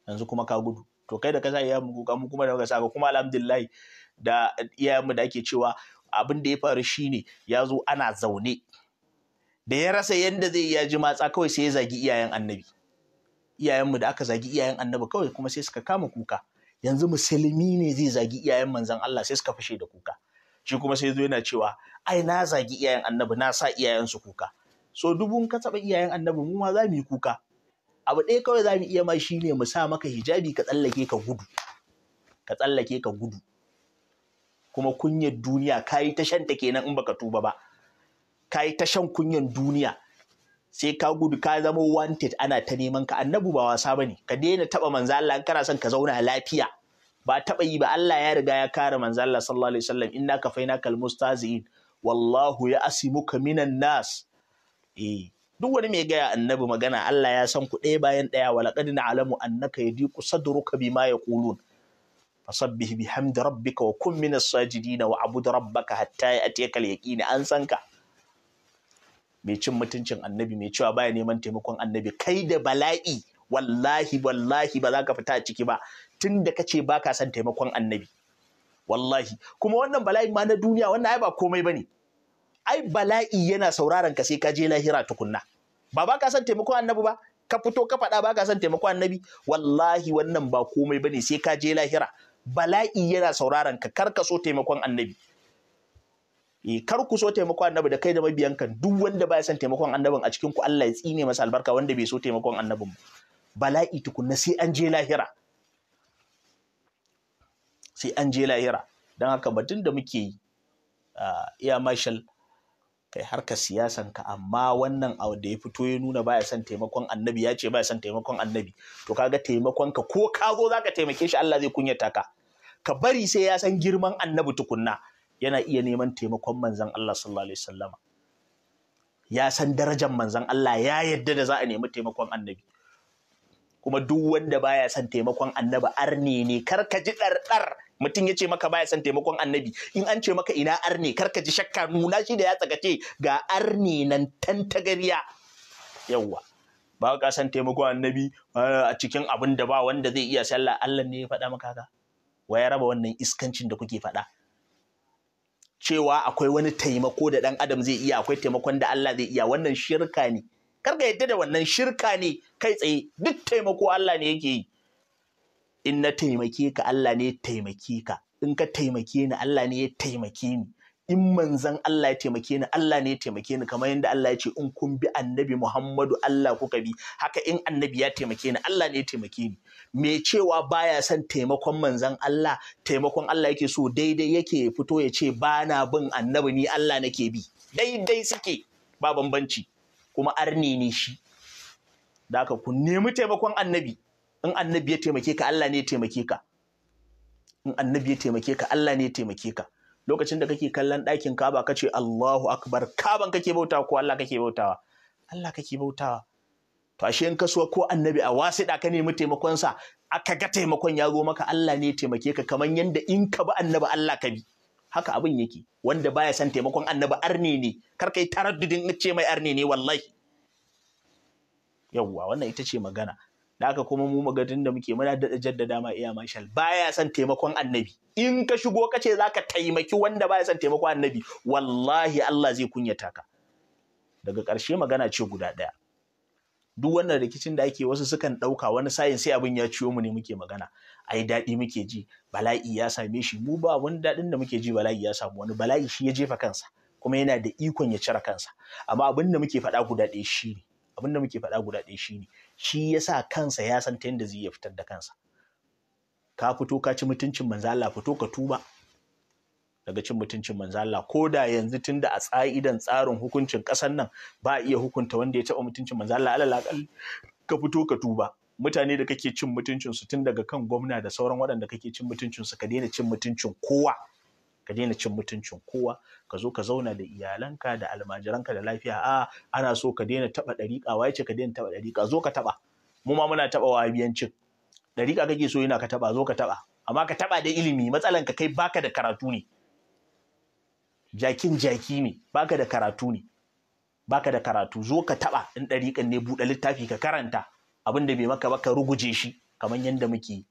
Speaker 1: yanzu kuma ka gudu to kai da ka sa iyayen mu kuka mu kuma da muka saka kuma alhamdulillah da iyayen mu da ake cewa abin da ya faru shine ya zo ana zaune da ya rasa yadda zai iya ji matsa kawai sai ya zagi iyayen annabi iyayenmu da aka zagi iyayen annabi kawai kuma sai suka kama kuka yanzu musulmi ne zai zagi iyayen manzon Allah sai suka fashe da kuka shi kuma sai zo yana cewa ai na zagi iyayen annabi na sa iyayen su kuka so dubun ka taba iyayen annabi mu ma za mu yi kuka abu ɗaya kawai za mu iya ma ne mu sa maka hijabi ka tsallake ka gudu ka tsallake ka gudu kuma kunyar duniya kayi ta shan ta kenan in baka tuba ba kayi ta shan kunyan duniya sai ka gudu ka zama wanted ana ta neman ka annabu ba wasa bane ka daina taba manzo Allah kana son ka zauna lafiya ba taɓa yi ba Allah ya riga ya kare manzo Allah sallallahu alaihi wasallam inna kal wallahu ya asimuka minan nas eh duk wani mai gaya annabi magana Allah ya san ku ɗaya bayan ɗaya wala laqad na'lamu annaka yadiqu sadruka bima yaqulun fasabbih bihamdi rabbika wa kun minas sajidin wa abud rabbaka hatta ya'tiyaka al-yaqin an san ka mai cin mutuncin annabi mai cewa baya neman taimakon annabi kai da bala'i wallahi wallahi ba za ka fita a ciki ba tun da ce ba ka son taimakon annabi wallahi kuma wannan bala'i ma na duniya wannan ai ba komai bane ai bala'i yana sauraron ka sai ka je lahira tukunna ba ba ka son taimakon annabi ba ka fito ka faɗa ba ka son taimakon annabi wallahi wannan ba komai bane sai ka je lahira bala'i yana sauraron ka kar ka so taimakon annabi E kar ku so taimakon annabi da kai da mabiyanka duk wanda ba ya san taimakon annabin a cikin ku Allah ya tsine masa albarka wanda bai so taimakon annabin ba bala'i tukunna sai an je lahira sai an je lahira don haka batun da muke yi iya mashal kai harka siyasan ka amma wannan abu da ya fito ya nuna baya son taimakon annabi ya ce baya son taimakon annabi to kaga taimakon ka ko ka zo zaka taimake shi Allah zai kunyata ka ka bari sai ya san girman annabi tukunna yana iya neman taimakon manzon Allah sallallahu alaihi wasallama ya san darajar manzon Allah ya yadda da za a nemi taimakon annabi kuma duk wanda baya son taimakon annabi arne ne kar ka ji ɗarɗar mutum ya ce maka baya son taimakon annabi in an ce maka ina arne kar ka ji shakka nuna shi da ya tsagace ga arne nan tantagariya yawwa ba ka san taimakon annabi a cikin abin da ba wanda zai iya sallah Allah ne ya faɗa maka haka wa ya raba wannan iskancin da kuke faɗa cewa akwai wani taimako da ɗan adam zai iya akwai taimakon da Allah zai iya wannan shirka ne kar yadda da wannan shirka ne kai tsaye duk taimako Allah ne yake yi in na taimake ka Allah ne ya taimake ka in ka taimake ni Allah ne ya taimake ni in manzan Allah ya taimake ni Allah ne ya taimake ni kamar yadda Allah ya ce in kun bi annabi Muhammadu Allah kuka bi haka in annabi ya taimake ni Allah ne ya taimake ni me cewa baya son taimakon manzan Allah taimakon Allah yake so daidai yake fito ya ce ba na bin annabi ni Allah nake bi daidai suke ba bambanci kuma arne ne shi da haka ku nemi taimakon annabi in annabi ya taimake ka Allah ne ya taimake ka in annabi ya taimake ka Allah ne ya taimake ka lokacin da kake kallon ɗakin kaba ka ce Allahu akbar kaban kake bauta ko Allah kake bautawa Allah kake bautawa to ashe in kasuwa ko annabi a wasi da ka nemi taimakonsa aka ga taimakon ya zo maka Allah ne ya taimake ka kamar yanda in ka bi annabi Allah ka bi haka abin yake wanda baya son taimakon annabi arni ne kar kai taraddudin ce mai arni ne wallahi yawwa wannan ita ce magana da aka kuma mu magadin da muke muna da jaddada ma iya mashal baya san taimakon annabi in ka shigo ka ce zaka taimaki wanda baya san taimakon annabi wallahi Allah zai kunyata ka daga ƙarshe magana ce guda ɗaya duk wannan rikicin da ake wasu sukan ɗauka wani sayin sai abin ya ciyo mu ne muke magana ai daɗi muke ji bala'i ya same shi mu ba wani daɗin da muke ji bala'i ya samu wani bala'i shi ya jefa kansa kuma yana da ikon ya cire kansa amma abin da muke faɗa guda ɗaya shi ne abin da muke faɗa guda ɗaya shi ne shi ya sa kansa ya san ta yadda zai iya fitar da kansa ka fito ka ci mutuncin manzo Allah fito ka tuba daga cin mutuncin manzo Allah ko da yanzu tun da a tsa'idan tsarin hukuncin ƙasar nan ba a iya hukunta wanda ya taɓa mutuncin manzo Allah alal ka fito ka tuba mutane da kake cin mutuncinsu tun daga kan gwamna da sauran waɗanda kake cin mutuncinsu ka daina cin mutuncin kowa ka daina cin mutuncin kowa ka zo ka zauna da iyalanka da almajiranka da lafiya a ana so ka daina taɓa ɗariƙa wai ce ka daina taɓa ɗariƙa zo ka taɓa mu ma muna taɓa wahabiyancin ɗariƙa kake so yana ka taɓa zo ka taba amma ka taɓa da ilimi matsalanka kai baka da karatu ne jakin jaki ne baka da karatu ne baka da karatu zo ka taɓa in ɗariƙan ne buɗe littafi ka karanta abin da bai maka ba ka ruguje shi kamar yadda muke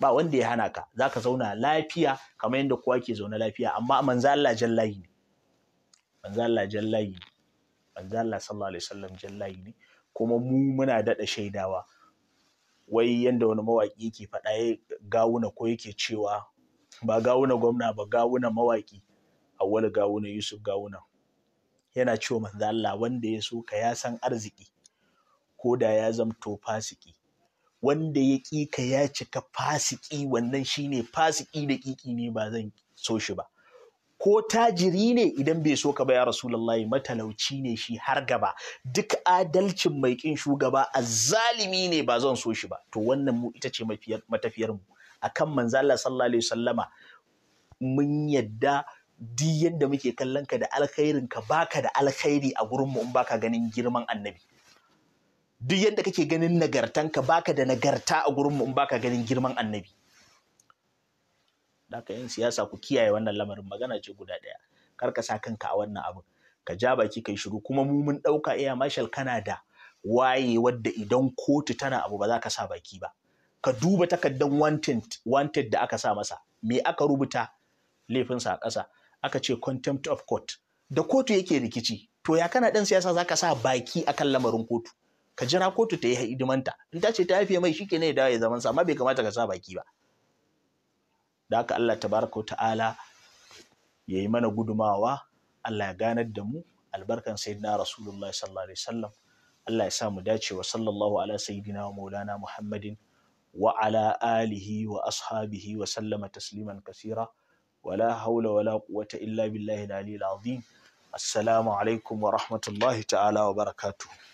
Speaker 1: ba wanda ya hana ka za ka zauna lafiya kamar yadda kowa ke zaune lafiya amma manzo Allah jallahi ne manzo Allah jallahi ne manzo Allah sallallahu alaihi wasallam jallahi ne kuma mu muna daɗa shaidawa wai yadda wani mawaki yake faɗa ya gawuna ko yake cewa ba gawuna gwamna ba gawuna mawaƙi awwal gawuna yusuf gawuna yana cewa manzo Allah wanda ya so ka ya san arziki Koda da ya zamto fasiki wanda ya ƙi ya cika fasiki wannan shine fasiki da ƙiƙi ne ba zan so shi ba ko tajiri ne idan bai so ka ba ya rasulullahi matalauci ne shi har gaba duk adalcin mai ƙin shugaba a zalimi ne ba zan so shi ba to wannan mu ita ce matafiyar mu akan manzo Allah sallallahu alaihi wasallama mun yadda duk yadda muke kallon ka da alkhairin ka baka da alkhairi a gurin mu in baka ganin girman annabi duk yadda kake ganin nagartanka baka da nagarta a gurin mu in baka ganin girman annabi da yin siyasa ku kiyaye wannan lamarin magana ce guda ɗaya kar ka sa kanka a wannan abin ka ja baki kai shiru kuma mu mun ɗauka iya mashal kana da waye wadda idan kotu tana abu ba za ka sa baki ba ka duba takardar wanted, wanted da aka sa masa me aka rubuta laifinsa a ƙasa aka ce contempt of court da kotu yake rikici to ya kana ɗan siyasa za ka sa baki akan lamarin kotu ka jira kotu ta yi hidimanta in ta ce ta haife mai shi ne ya dawo ya zaman sa amma bai kamata ka sa baki ba da haka Allah tabaraka wa ta'ala ya yi mana gudumawa Allah ya ganar da mu albarkan sayyidina rasulullah sallallahu alaihi wasallam Allah ya sa mu dace wa sallallahu ala sayyidina wa maulana muhammadin wa ala alihi wa ashabihi wa sallama tasliman kasira wala haula wala quwwata illa billahi al-aliyyil azim assalamu alaikum wa rahmatullahi ta'ala wa barakatuh